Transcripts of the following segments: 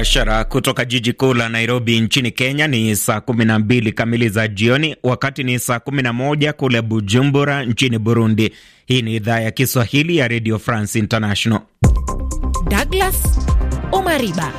mubashara kutoka jiji kuu la Nairobi nchini Kenya. Ni saa kumi na mbili kamili za jioni, wakati ni saa kumi na moja kule Bujumbura nchini Burundi. Hii ni idhaa ya Kiswahili ya Radio France International. Douglas Omariba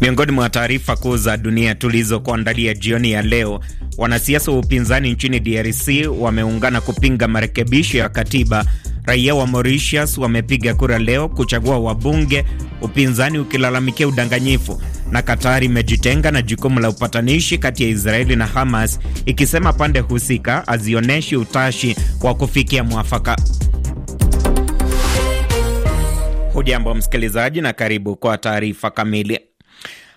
miongoni mwa taarifa kuu za dunia tulizokuandalia jioni ya leo, wanasiasa wa upinzani nchini DRC wameungana kupinga marekebisho ya katiba Raia wa Mauritius wamepiga kura leo kuchagua wabunge, upinzani ukilalamikia udanganyifu. Na Katari imejitenga na jukumu la upatanishi kati ya Israeli na Hamas, ikisema pande husika hazionyeshi utashi wa kufikia mwafaka. Hujambo msikilizaji, na karibu kwa taarifa kamili.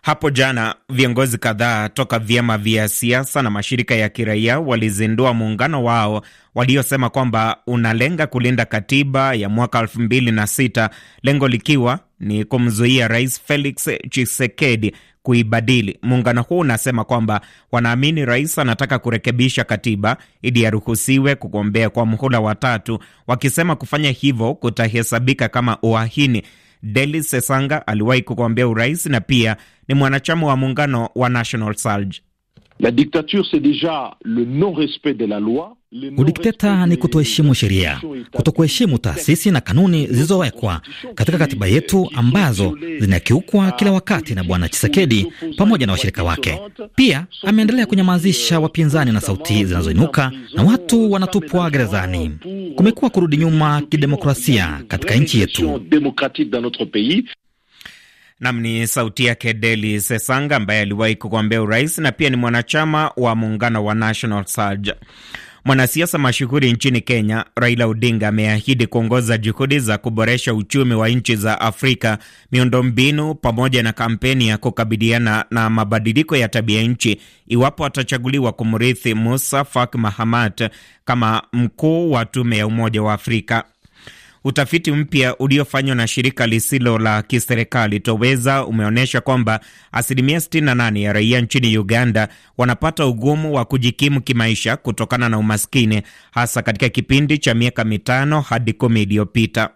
Hapo jana viongozi kadhaa toka vyama vya siasa na mashirika ya kiraia walizindua muungano wao waliosema kwamba unalenga kulinda katiba ya mwaka 26 lengo likiwa ni kumzuia Rais Felix Tshisekedi kuibadili. Muungano huu unasema kwamba wanaamini rais anataka kurekebisha katiba ili aruhusiwe kugombea kwa muhula watatu, wakisema kufanya hivyo kutahesabika kama uahini Delis Sesanga aliwahi kugombea urais na pia ni mwanachama wa muungano wa National Surge. Udikteta ni kutoheshimu sheria, kutokuheshimu taasisi na kanuni zilizowekwa katika katiba yetu ambazo zinakiukwa kila wakati na Bwana Chisekedi pamoja na washirika wake. Pia ameendelea kunyamazisha wapinzani na sauti zinazoinuka na watu wanatupwa gerezani. Kumekuwa kurudi nyuma kidemokrasia katika nchi yetu. Nam ni sauti yake Deli Sesanga ambaye aliwahi kugombea urais na pia ni mwanachama wa muungano wa National Surge. Mwanasiasa mashuhuri nchini Kenya Raila Odinga ameahidi kuongoza juhudi za kuboresha uchumi wa nchi za Afrika, miundombinu, pamoja na kampeni ya kukabiliana na mabadiliko ya tabia nchi iwapo atachaguliwa kumrithi Musa Faki Mahamat kama mkuu wa tume ya Umoja wa Afrika. Utafiti mpya uliofanywa na shirika lisilo la kiserikali Toweza umeonyesha kwamba asilimia 68 ya raia nchini Uganda wanapata ugumu wa kujikimu kimaisha kutokana na umaskini, hasa katika kipindi cha miaka mitano hadi kumi iliyopita.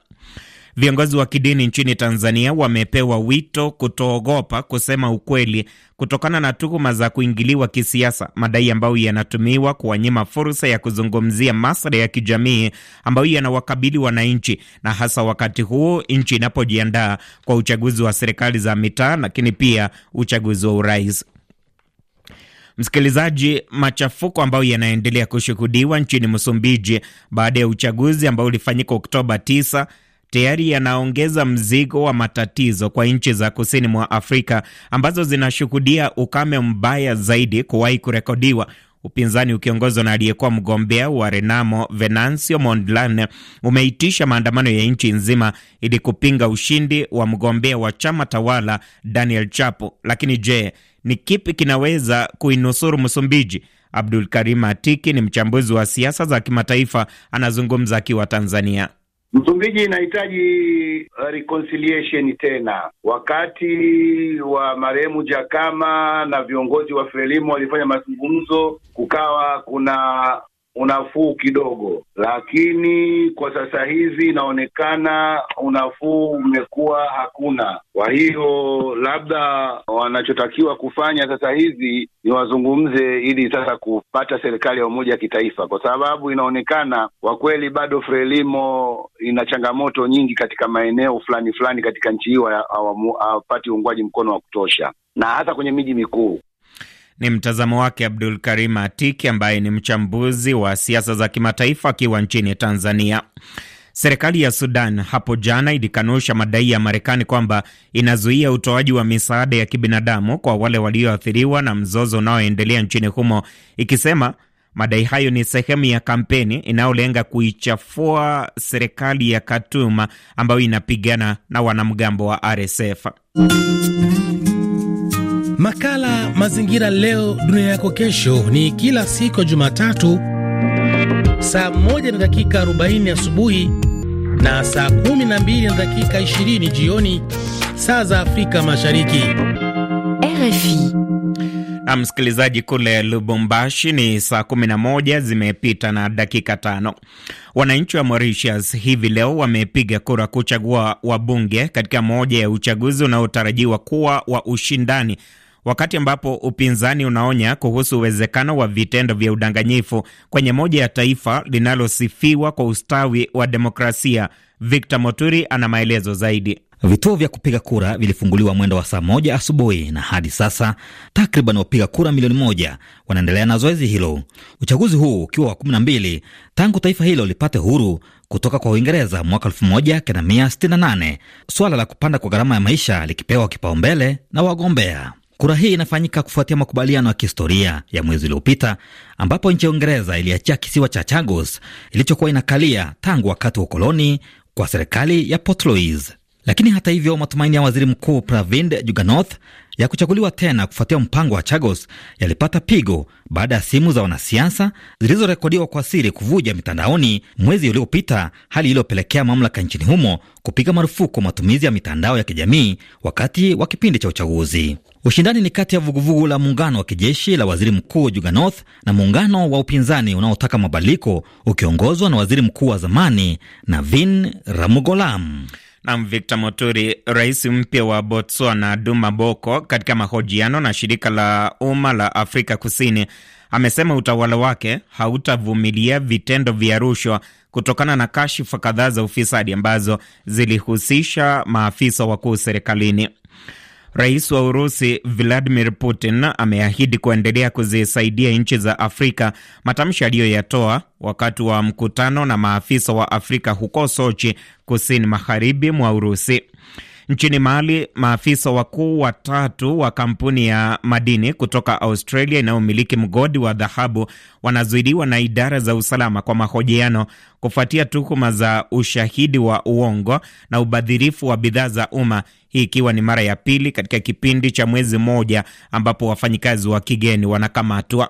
Viongozi wa kidini nchini Tanzania wamepewa wito kutoogopa kusema ukweli kutokana na tuhuma za kuingiliwa kisiasa, madai ambayo yanatumiwa kuwanyima fursa ya kuzungumzia masuala ya kijamii ambayo yanawakabili wananchi, na hasa wakati huu nchi inapojiandaa kwa uchaguzi wa serikali za mitaa, lakini pia uchaguzi wa urais. Msikilizaji, machafuko ambayo yanaendelea kushuhudiwa nchini Msumbiji baada ya uchaguzi ambao ulifanyika Oktoba tayari yanaongeza mzigo wa matatizo kwa nchi za kusini mwa Afrika ambazo zinashuhudia ukame mbaya zaidi kuwahi kurekodiwa. Upinzani ukiongozwa na aliyekuwa mgombea wa Renamo Venancio Mondlane umeitisha maandamano ya nchi nzima ili kupinga ushindi wa mgombea wa chama tawala Daniel Chapo. Lakini je, ni kipi kinaweza kuinusuru Msumbiji? Abdul Karim Atiki ni mchambuzi wa siasa za kimataifa, anazungumza akiwa Tanzania. Msumbiji inahitaji uh, reconciliation tena. Wakati wa marehemu Jakama na viongozi wa Frelimo walifanya mazungumzo, kukawa kuna unafuu kidogo, lakini kwa sasa hivi inaonekana unafuu umekuwa hakuna. Kwa hiyo labda wanachotakiwa kufanya sasa hivi ni wazungumze, ili sasa kupata serikali ya umoja wa kitaifa, kwa sababu inaonekana kwa kweli bado Frelimo ina changamoto nyingi katika maeneo fulani fulani katika nchi hiyo, hawapati uungwaji mkono wa kutosha, na hasa kwenye miji mikuu. Ni mtazamo wake Abdul Karim Atiki, ambaye ni mchambuzi wa siasa za kimataifa akiwa nchini Tanzania. Serikali ya Sudan hapo jana ilikanusha madai ya Marekani kwamba inazuia utoaji wa misaada ya kibinadamu kwa wale walioathiriwa na mzozo unaoendelea nchini humo, ikisema madai hayo ni sehemu ya kampeni inayolenga kuichafua serikali ya Khartoum ambayo inapigana na wanamgambo wa RSF. Makala Mazingira Leo Dunia Yako Kesho ni kila siku ya Jumatatu saa 1 na dakika 40 asubuhi na saa 12 na dakika 20 jioni saa za Afrika Mashariki. RFI Msikilizaji kule Lubumbashi ni saa 11 zimepita na dakika tano. Wananchi wa Mauritius hivi leo wamepiga kura kuchagua wabunge katika moja ya uchaguzi unaotarajiwa kuwa wa ushindani wakati ambapo upinzani unaonya kuhusu uwezekano wa vitendo vya udanganyifu kwenye moja ya taifa linalosifiwa kwa ustawi wa demokrasia. Victor Moturi ana maelezo zaidi. Vituo vya kupiga kura vilifunguliwa mwendo wa saa moja asubuhi na hadi sasa takriban wapiga kura milioni moja wanaendelea na zoezi hilo, uchaguzi huu ukiwa wa kumi na mbili tangu taifa hilo lipate huru kutoka kwa Uingereza mwaka 1968, suala la kupanda kwa gharama ya maisha likipewa kipaumbele na wagombea. Kura hii inafanyika kufuatia makubaliano ya kihistoria ya mwezi uliopita ambapo nchi ya Uingereza iliachia kisiwa cha Chagos ilichokuwa inakalia tangu wakati wa ukoloni kwa serikali ya Port Louis. Lakini hata hivyo, matumaini ya waziri mkuu Pravind Jugnauth ya kuchaguliwa tena kufuatia mpango wa Chagos yalipata pigo baada ya simu za wanasiasa zilizorekodiwa kwa siri kuvuja mitandaoni mwezi uliopita, hali iliyopelekea mamlaka nchini humo kupiga marufuku matumizi ya mitandao ya kijamii wakati wa kipindi cha uchaguzi. Ushindani ni kati ya vuguvugu la muungano wa kijeshi la waziri mkuu Juganoth na muungano wa upinzani unaotaka mabadiliko ukiongozwa na waziri mkuu wa zamani Navin Ramugolam. Nam Victor Moturi. Rais mpya wa Botswana Duma Boko, katika mahojiano na shirika la umma la Afrika Kusini, amesema utawala wake hautavumilia vitendo vya rushwa kutokana na kashifa kadhaa za ufisadi ambazo zilihusisha maafisa wakuu serikalini. Rais wa Urusi Vladimir Putin ameahidi kuendelea kuzisaidia nchi za Afrika, matamshi aliyoyatoa wakati wa mkutano na maafisa wa Afrika huko Sochi, kusini magharibi mwa Urusi. Nchini Mali, maafisa wakuu watatu wa kampuni ya madini kutoka Australia inayomiliki mgodi wa dhahabu wanazuidiwa na idara za usalama kwa mahojiano kufuatia tuhuma za ushahidi wa uongo na ubadhirifu wa bidhaa za umma, hii ikiwa ni mara ya pili katika kipindi cha mwezi mmoja ambapo wafanyikazi wa kigeni wanakamatwa.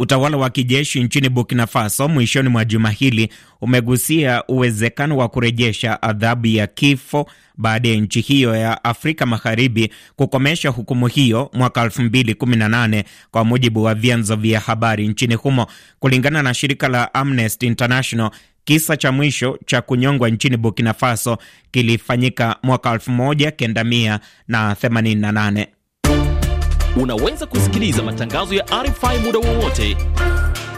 Utawala wa kijeshi nchini Burkina Faso mwishoni mwa juma hili umegusia uwezekano wa kurejesha adhabu ya kifo baada ya nchi hiyo ya Afrika Magharibi kukomesha hukumu hiyo mwaka 2018 kwa mujibu wa vyanzo vya habari nchini humo. Kulingana na shirika la Amnesty International, Kisa cha mwisho cha kunyongwa nchini Burkina Faso kilifanyika mwaka 1988. Unaweza kusikiliza matangazo ya RFI muda wowote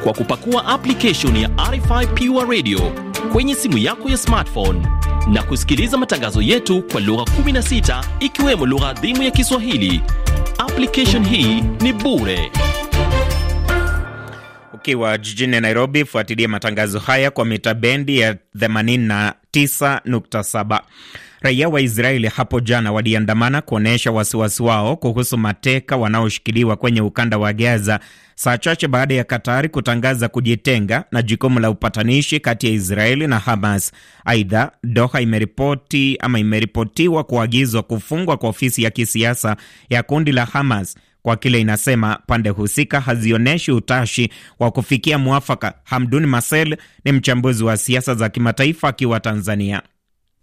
kwa kupakua application ya RFI Pure Radio kwenye simu yako ya smartphone na kusikiliza matangazo yetu kwa lugha 16 ikiwemo lugha adhimu ya Kiswahili. Application hii ni bure. Ukiwa jijini Nairobi, fuatilia matangazo haya kwa mita bendi ya 9.7. Raia wa Israeli hapo jana waliandamana kuonyesha wasiwasi wao kuhusu mateka wanaoshikiliwa kwenye ukanda wa Gaza, saa chache baada ya Katari kutangaza kujitenga na jukumu la upatanishi kati ya Israeli na Hamas. Aidha, Doha imeripoti ama imeripotiwa kuagizwa kufungwa kwa ofisi ya kisiasa ya kundi la Hamas kwa kile inasema pande husika hazionyeshi utashi wa kufikia mwafaka. Hamdun Masel ni mchambuzi wa siasa za kimataifa akiwa Tanzania.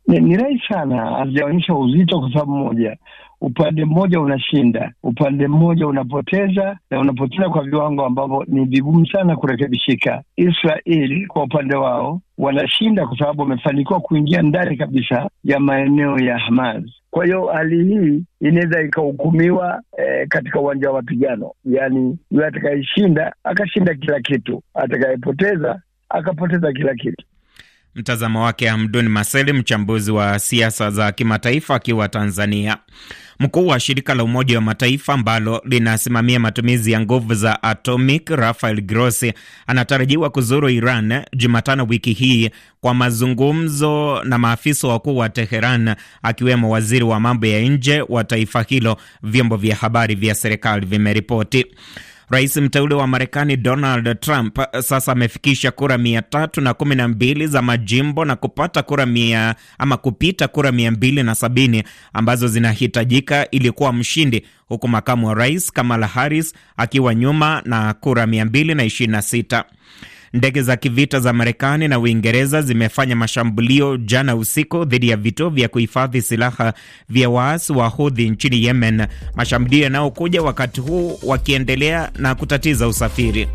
Ni, ni rahisi sana, hazijaonyesha uzito kwa sababu moja, upande mmoja unashinda, upande mmoja unapoteza, na unapoteza kwa viwango ambavyo ni vigumu sana kurekebishika. Israeli kwa upande wao wanashinda kwa sababu wamefanikiwa kuingia ndani kabisa ya maeneo ya Hamas kwa hiyo hali hii inaweza ikahukumiwa eh, katika uwanja wa mapigano, yaani yule atakayeshinda akashinda kila kitu, atakayepoteza akapoteza kila kitu. Mtazamo wake Hamdun Maseli, mchambuzi wa siasa za kimataifa akiwa Tanzania. Mkuu wa shirika la Umoja wa Mataifa ambalo linasimamia matumizi ya nguvu za atomic, Rafael Grossi, anatarajiwa kuzuru Iran Jumatano wiki hii kwa mazungumzo na maafisa wakuu wa Teheran, akiwemo waziri wa mambo ya nje wa taifa hilo, vyombo vya habari vya serikali vimeripoti. Rais mteule wa Marekani Donald Trump eh, sasa amefikisha kura mia tatu na kumi na mbili za majimbo na kupata kura mia ama kupita kura mia mbili na sabini ambazo zinahitajika ili kuwa mshindi, huku makamu wa rais Kamala Harris akiwa nyuma na kura mia mbili na ishirini na sita. Ndege za kivita za Marekani na Uingereza zimefanya mashambulio jana usiku dhidi ya vituo vya kuhifadhi silaha vya waasi wa hudhi nchini Yemen, mashambulio yanayokuja wakati huu wakiendelea na kutatiza usafiri.